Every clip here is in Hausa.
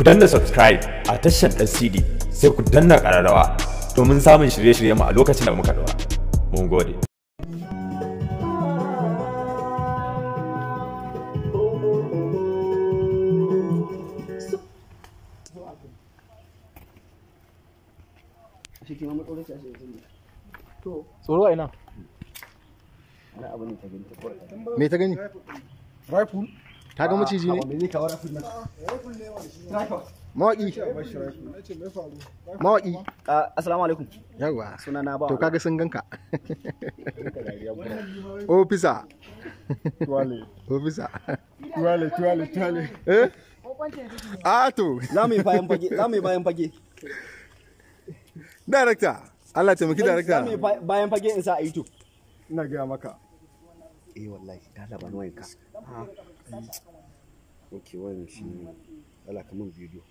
ku danna subscribe a tashan ɗan CD sai ku danna ƙararrawa domin samun shirye-shirye mu a lokacin da muka rawa Mun gode. Tsoro a ina? ta gani? Rifle. ka ga maciji ne mawaki mawaki assalamu alaikum yawa na ba to kaga sun ganka ofisa tuwale ofisa tuwale tuwale tuwale eh a ah, to za mu yi bayan fage za mu yi bayan fage director Allah taimaki director za mu yi bayan fage in sa a yi to ina gaya maka eh wallahi ta labarin wayanka ok wannan shi ne ala kaman bidiyo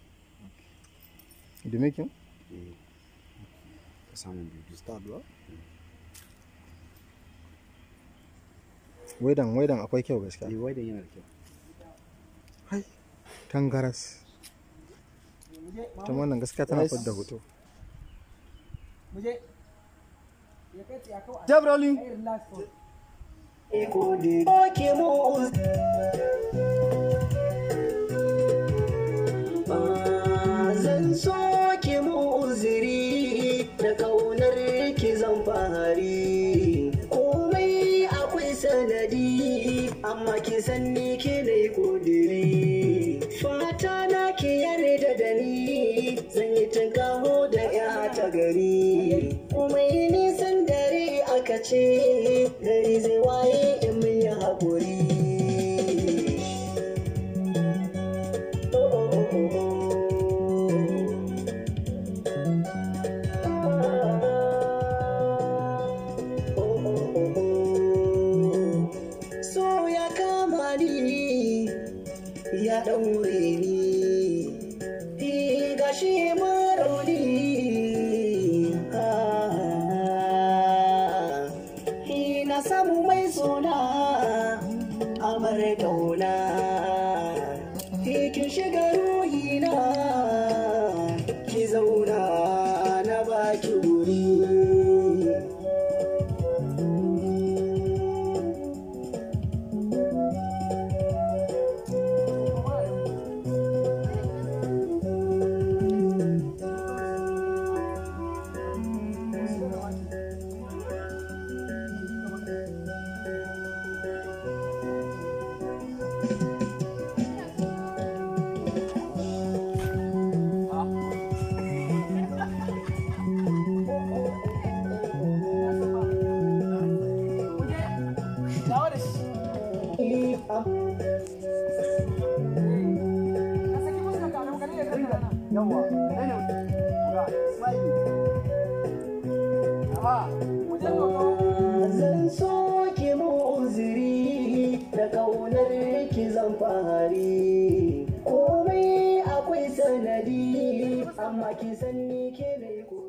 ka samun bidiyo start ba mm. waidan waidan akwai kyau gaskiya eh, waidan yana da kyau hai tangaras ta wannan gaskiya tana fadda hoto muje Jab rolling. Eh, ke ki san ni ke yi ƙudiri fata na ki yare da ni zan yi tunkaho da ya ta gari kuma yi nisan dare aka ce dare zai waye na samu mai suna amar dauna ke shiga zan so ki mu da ƙaunar ki zan fahari komai akwai sanadi amma ki san ni ke da